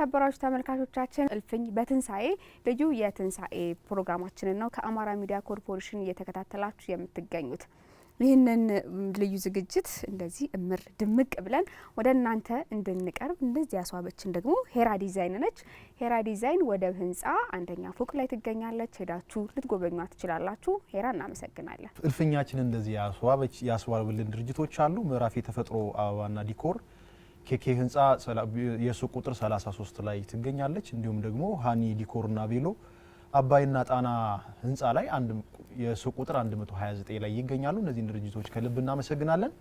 የተከበራችሁ ተመልካቾቻችን እልፍኝ በትንሳኤ ልዩ የትንሳኤ ፕሮግራማችንን ነው ከአማራ ሚዲያ ኮርፖሬሽን እየተከታተላችሁ የምትገኙት። ይህንን ልዩ ዝግጅት እንደዚህ እምር ድምቅ ብለን ወደ እናንተ እንድንቀርብ እንደዚህ ያስዋበችን ደግሞ ሄራ ዲዛይን ነች። ሄራ ዲዛይን ወደብ ህንፃ አንደኛ ፎቅ ላይ ትገኛለች። ሄዳችሁ ልትጎበኟ ትችላላችሁ። ሄራ እናመሰግናለን። እልፍኛችን እንደዚህ ያስዋበች ያስዋብልን ድርጅቶች አሉ። ምዕራፍ የተፈጥሮ አበባና ዲኮር ኬኬ ህንፃ የሱቅ ቁጥር 33 ላይ ትገኛለች። እንዲሁም ደግሞ ሀኒ ዲኮርና ቤሎ አባይና ጣና ህንፃ ላይ የሱቅ ቁጥር 129 ላይ ይገኛሉ። እነዚህን ድርጅቶች ከልብ እናመሰግናለን።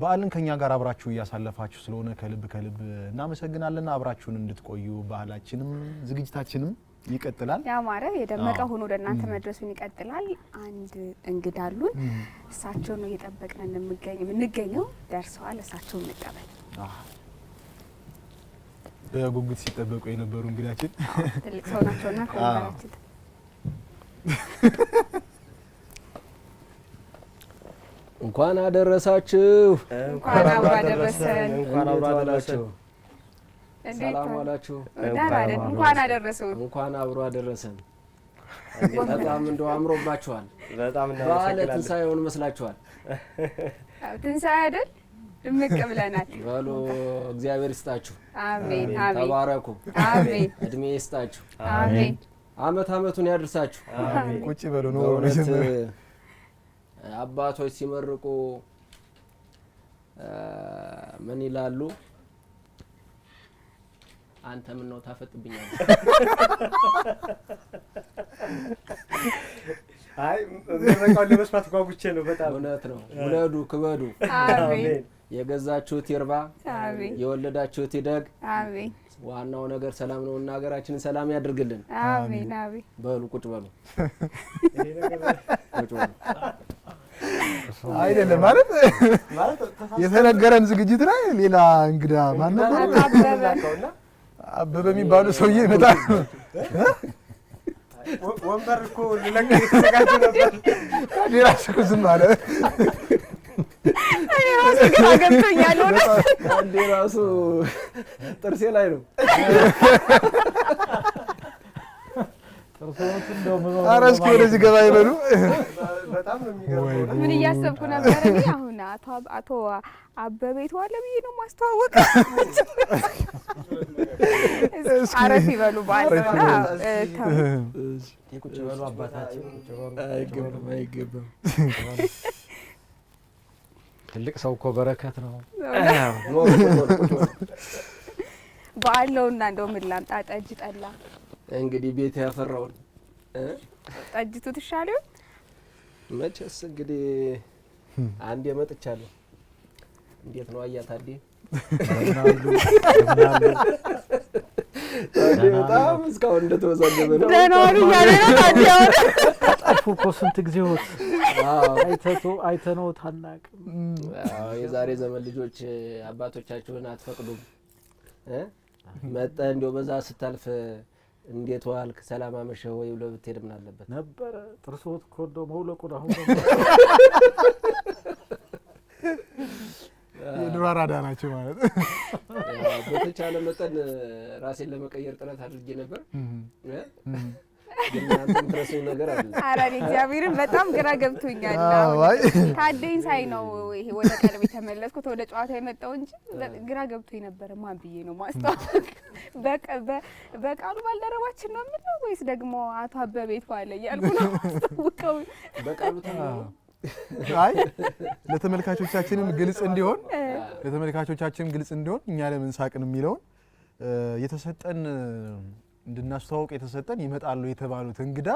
በዓልን ከኛ ጋር አብራችሁ እያሳለፋችሁ ስለሆነ ከልብ ከልብ እናመሰግናለን። አብራችሁን እንድትቆዩ ባህላችንም ዝግጅታችንም ይቀጥላል። ያማረ የደመቀ ሆኖ ወደ እናንተ መድረሱን ይቀጥላል። አንድ እንግዳ አሉን። እሳቸው ነው እየጠበቅን የምንገኘው። ደርሰዋል። እሳቸውን መቀበል በጉጉት ሲጠበቁ የነበሩ እንግዳችን ትልቅ ሰው ናቸውና እንኳን አደረሳችሁ፣ እንኳን አብሮ አደረሰን፣ እንኳን አብሮ አደረሳችሁ። ሰላም እንኳን እንኳን አብሮ አደረሰን። በጣም እንደው አምሮባችኋል። በዓለ ትንሣኤውን መስላችኋል። ትንሣኤ አይደል? ድምቅ ብለናል። በሉ እግዚአብሔር ይስጣችሁ። አሜን። ተባረኩ። አሜን። እድሜ ይስጣችሁ። አሜን። አመት አመቱን ያድርሳችሁ። ቁጭ በሉ ነው አባቶች ሲመርቁ ምን ይላሉ? አንተ ምን ነው ታፈጥብኛለህ? አይ ምረቃውን ለመስማት ጓጉቼ ነው። በጣም እውነት ነው። ውለዱ፣ ክበዱ። አሜን። የገዛችሁት ይርባ፣ የወለዳችሁት ይደግ። ዋናው ነገር ሰላም ነው እና ሀገራችንን ሰላም ያድርግልን። በሉ ቁጭ በሉ አይደለም ማለት የተነገረን ዝግጅት ላይ ሌላ እንግዳ ማን ነበር? አበበ የሚባሉ ሰውዬ ይመጣል። ወንበር እኮ ልለቅ የተዘጋጀ ነበር። ራሱ ዝም አለ። ራሱ ግራ ገብቶኛል። አንዴ ራሱ ጥርሴ ላይ ነው። ኧረ እስኪ ወደዚህ ገባ ይበሉ። ምን እያሰብኩ ነበር እኔ አሁን አቶ አበቤት የተዋለ ብዬ ነው ማስተዋወቅ። አረፍ ይበሉ ባለና አይገባም አይገባም ትልቅ ሰው እኮ በረከት ነው። በዓል ነውና እንደው ምን ላምጣ? ጠጅ ጠላ፣ እንግዲህ ቤት ያፈራውን ጠጅቱ ትሻለው። መቼስ እንግዲህ አንዴ መጥቻለሁ። እንዴት ነው አያት በጣም እስካሁን እንደተወዛገበ ነው። ደህና ዋሉ እያለ ነው። ታዲያ ጠፉ እኮ ስንት ጊዜ ወት አይተነው ታናቅ የዛሬ ዘመን ልጆች አባቶቻችሁን አትፈቅዱም። መጠ እንዲ በዛ ስታልፍ እንዴት ዋልክ ሰላም አመሸ ወይ ብሎ ብትሄድ ምን አለበት ነበረ። ጥርሶት ኮዶ መውለቁን አሁን የድሮ አራዳ ናቸው ማለት በተቻለ መጠን ራሴን ለመቀየር ጥረት አድርጌ ነበር። አራሪ እግዚአብሔርን በጣም ግራ ገብቶኛል። ከአደኝ ሳይ ነው ይሄ ወደ ቀልብ የተመለስኩት ወደ ጨዋታ የመጣው እንጂ ግራ ገብቶኝ ነበረ። ማን ብዬ ነው ማስተዋወቅ? በቃሉ ባልደረባችን ነው የምለው ወይስ ደግሞ አቶ አበቤት የተዋለ እያልኩ ነው ማስተዋውቀው። አይ ለተመልካቾቻችንም ግልጽ እንዲሆን ለተመልካቾቻችን ግልጽ እንዲሆን እኛ ለምን ሳቅን የሚለውን የተሰጠን እንድናስተዋውቅ የተሰጠን ይመጣሉ የተባሉት እንግዳ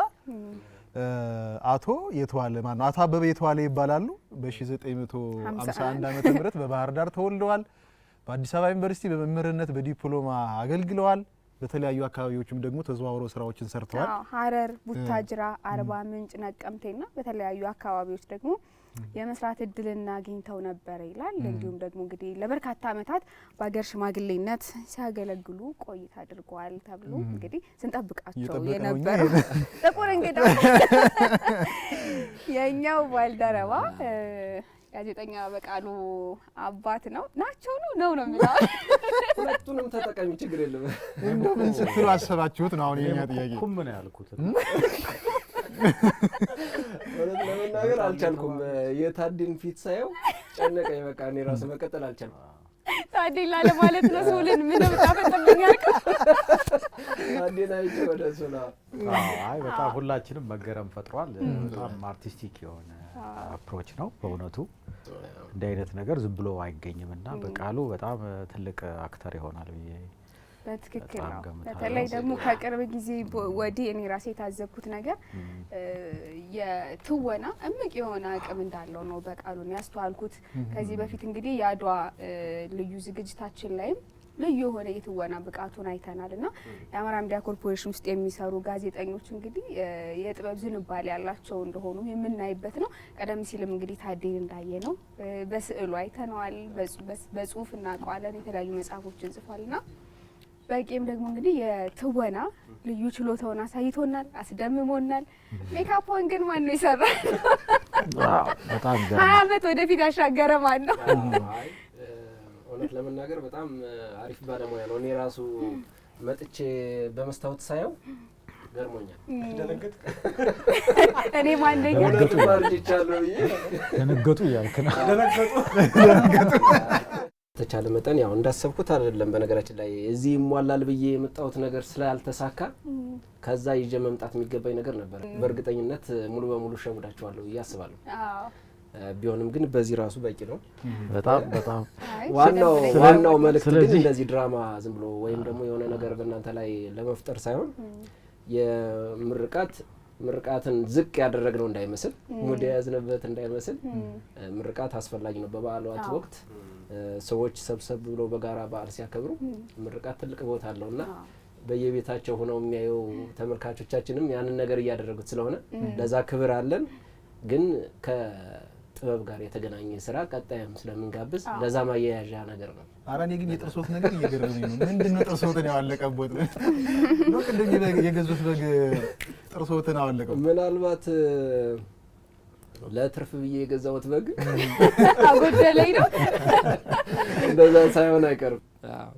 አቶ የተዋለ ማነው አቶ አበበ የተዋለ ይባላሉ። በ1951 ዓመተ ምህረት በባህር ዳር ተወልደዋል። በአዲስ አበባ ዩኒቨርሲቲ በመምህርነት በዲፕሎማ አገልግለዋል። በተለያዩ አካባቢዎችም ደግሞ ተዘዋውሮ ስራዎችን ሰርተዋል። ሀረር፣ ቡታጅራ፣ አርባ ምንጭ፣ ነቀምቴና በተለያዩ አካባቢዎች ደግሞ የመስራት እድልና አግኝተው ነበር ይላል። እንዲሁም ደግሞ እንግዲህ ለበርካታ አመታት በሀገር ሽማግሌነት ሲያገለግሉ ቆይታ አድርገዋል ተብሎ እንግዲህ ስንጠብቃቸው የነበረ ጥቁር እንግዳ የእኛው ባልደረባ ጋዜጠኛ በቃሉ አባት ነው ናቸው ነው ነው ነው የሚለው ሁለቱንም ተጠቃሚ ችግር የለም። እንደምን ስትሉ አሰባችሁት ነው አሁን የኛ ጥያቄ ኩም ነው ያልኩት እውነት ለመናገር አልቻልኩም። የታዲን ፊት ሳየው ጨነቀኝ። በቃ እኔ ራሱ መቀጠል አልቻልኩም። ታዴላ ለማለት ነው። ሶልን ምንም ብታፈጥልኝ ያልከው ታዴላ ይጭ ወደ ሶላ። አይ በጣም ሁላችንም መገረም ፈጥሯል። በጣም አርቲስቲክ የሆነ አፕሮች ነው በእውነቱ እንዲህ አይነት ነገር ዝም ብሎ አይገኝም እና በቃሉ በጣም ትልቅ አክተር ይሆናል ብዬ በትክክል ነው። በተለይ ደግሞ ከቅርብ ጊዜ ወዲህ እኔ ራሴ የታዘብኩት ነገር የትወና እምቅ የሆነ አቅም እንዳለው ነው በቃሉን ያስተዋልኩት። ከዚህ በፊት እንግዲህ የአድዋ ልዩ ዝግጅታችን ላይም ልዩ የሆነ የትወና ብቃቱን አይተናል እና የአማራ ሚዲያ ኮርፖሬሽን ውስጥ የሚሰሩ ጋዜጠኞች እንግዲህ የጥበብ ዝንባሌ ያላቸው እንደሆኑ የምናይበት ነው። ቀደም ሲልም እንግዲህ ታዴን እንዳየ ነው በስዕሉ አይተነዋል፣ በጽሁፍ እናውቀዋለን፣ የተለያዩ መጽሐፎችን ና በቂም ደግሞ እንግዲህ የትወና ልዩ ችሎታውን አሳይቶናል፣ አስደምሞናል። ሜካፖን ግን ማን ነው ይሰራል? ሀያ አመት ወደፊት ያሻገረ ማን ነው? እውነት ለመናገር በጣም አሪፍ ባለሙያ ነው። እኔ ራሱ መጥቼ በመስታወት ሳየው ገርሞኛል። እኔ ማንደኛ ደነገጡ እያልክ ነው። ደነገጡ ተቻለ መጠን ያው እንዳሰብኩት አይደለም። በነገራችን ላይ እዚህ ይሟላል ብዬ የመጣሁት ነገር ስላልተሳካ ከዛ ይዤ መምጣት የሚገባኝ ነገር ነበር። በእርግጠኝነት ሙሉ በሙሉ ሸውዳችኋለሁ ብዬ አስባለሁ። ቢሆንም ግን በዚህ ራሱ በቂ ነው። በጣም በጣም ዋናው ዋናው መልእክት ግን እንደዚህ ድራማ ዝም ብሎ ወይም ደግሞ የሆነ ነገር በእናንተ ላይ ለመፍጠር ሳይሆን የምርቃት ምርቃትን ዝቅ ያደረግነው እንዳይመስል ሙድ የያዝንበት እንዳይመስል ምርቃት አስፈላጊ ነው። በበዓላት ወቅት ሰዎች ሰብሰብ ብሎ በጋራ በዓል ሲያከብሩ ምርቃት ትልቅ ቦታ አለው እና በየቤታቸው ሆነው የሚያዩ ተመልካቾቻችንም ያንን ነገር እያደረጉት ስለሆነ ለዛ ክብር አለን። ግን ከጥበብ ጋር የተገናኘ ስራ ቀጣይም ስለምንጋብዝ ለዛ ማያያዣ ነገር ነው። ኧረ እኔ ግን የጥርሶት ነገር እየገረመኝ ነው። ምንድን ነው ጥርሶትን ያዋለቀቦት ነው? ቅድም የገዙት በግ ጥርሶትን አዋለቀው። ምናልባት ለትርፍ ብዬ የገዛሁት በግ አጎደለኝ ነው። እንደዛ ሳይሆን አይቀርም።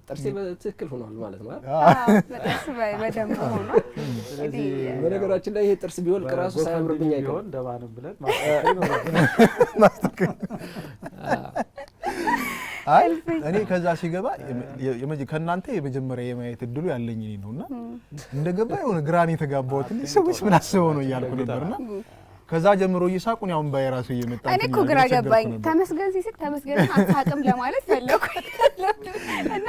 ጥርሴ በትክክል ሆኗል ማለት ነው። በጥርስ በደንብ ሆኗል። በነገራችን ላይ ይሄ ጥርስ ቢወልቅ ራሱ ሳያምርብኝ አይቀርም። ደባንም ብለን ማስተካከል አይ እኔ ከዛ ሲገባ ከእናንተ የመጀመሪያ የማየት እድሉ ያለኝ እኔ ነው እና እንደገባ የሆነ ግራን የተጋባሁት ሰዎች ምን አስበው ነው እያልኩ ነበርና ከዛ ጀምሮ እየሳቁን ያሁን ራሱ እየመጣ እኔ እኮ ግራ ገባኝ። ተመስገን ሲስቅ ተመስገን አታውቅም ለማለት ፈለኩ እና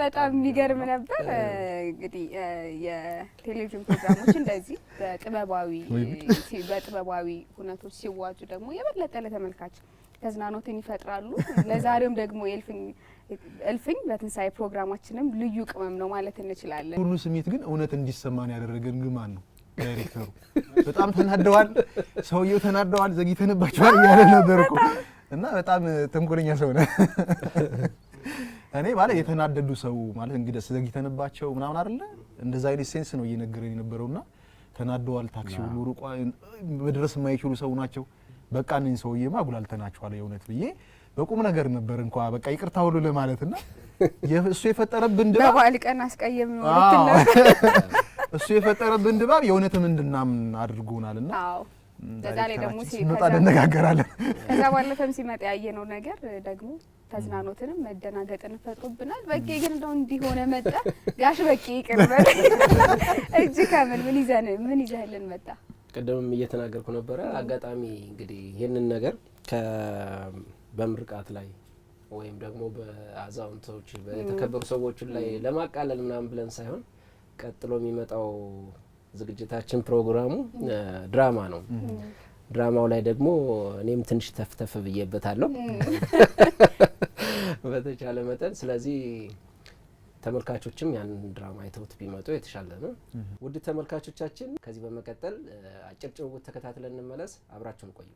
በጣም የሚገርም ነበር። እንግዲህ የቴሌቪዥን ፕሮግራሞች እንደዚህ በጥበባዊ በጥበባዊ ሁነቶች ሲዋጁ ደግሞ የበለጠ ለተመልካች ተዝናኖትን ይፈጥራሉ። ለዛሬውም ደግሞ የእልፍኝ እልፍኝ በትንሳኤ ፕሮግራማችንም ልዩ ቅመም ነው ማለት እንችላለን። ሁሉ ስሜት ግን እውነት እንዲሰማን ያደረገን ግማን ነው። ዳይሬክተሩ በጣም ተናደዋል፣ ሰውየው ተናደዋል፣ ዘግይተንባቸዋል እያለ ነበር እኮ እና በጣም ተንኮለኛ ሰው ነው። እኔ ማለት የተናደዱ ሰው ማለት እንግዲህ ዘግይተንባቸው ምናምን አይደለ እንደዛ አይነት ሴንስ ነው እየነገረን የነበረውና ተናደዋል፣ ታክሲ ሁሉ ሩቋ መድረስ የማይችሉ ሰው ናቸው። በቃ እነኝ ሰውዬማ አጉላልተናችኋል የእውነት ብዬ በቁም ነገር ነበር እንኳ በቃ ይቅርታ ሁሉ ና እሱ የፈጠረብን ድባብ በዓል ቀን አስቀየም እሱ የፈጠረብን ድባብ የእውነትም እንድናምን አድርጎናል እና ዛሬ ደግሞ ሲመጣ እንነጋገራለን። ከዛ ባለፈም ሲመጣ ያየነው ነገር ደግሞ ተዝናኖትንም መደናገጥን ፈጥሮብናል። በቄ ግን እንደው እንዲሆነ መጣ ጋሽ በቄ ይቅርበል እጅ ከምን ምን ይዘን ምን ይዘህልን መጣ ቅድምም እየተናገርኩ ነበረ። አጋጣሚ እንግዲህ ይህንን ነገር በምርቃት ላይ ወይም ደግሞ በአዛውንቶች በተከበሩ ሰዎችን ላይ ለማቃለል ምናምን ብለን ሳይሆን ቀጥሎ የሚመጣው ዝግጅታችን ፕሮግራሙ ድራማ ነው። ድራማው ላይ ደግሞ እኔም ትንሽ ተፍተፍ ብዬበታለሁ በተቻለ መጠን ስለዚህ ተመልካቾችም ያንን ድራማ አይተውት ቢመጡ የተሻለ ነው። ውድ ተመልካቾቻችን ከዚህ በመቀጠል አጭር ጭውውት ተከታትለን እንመለስ። አብራችሁን ቆዩ።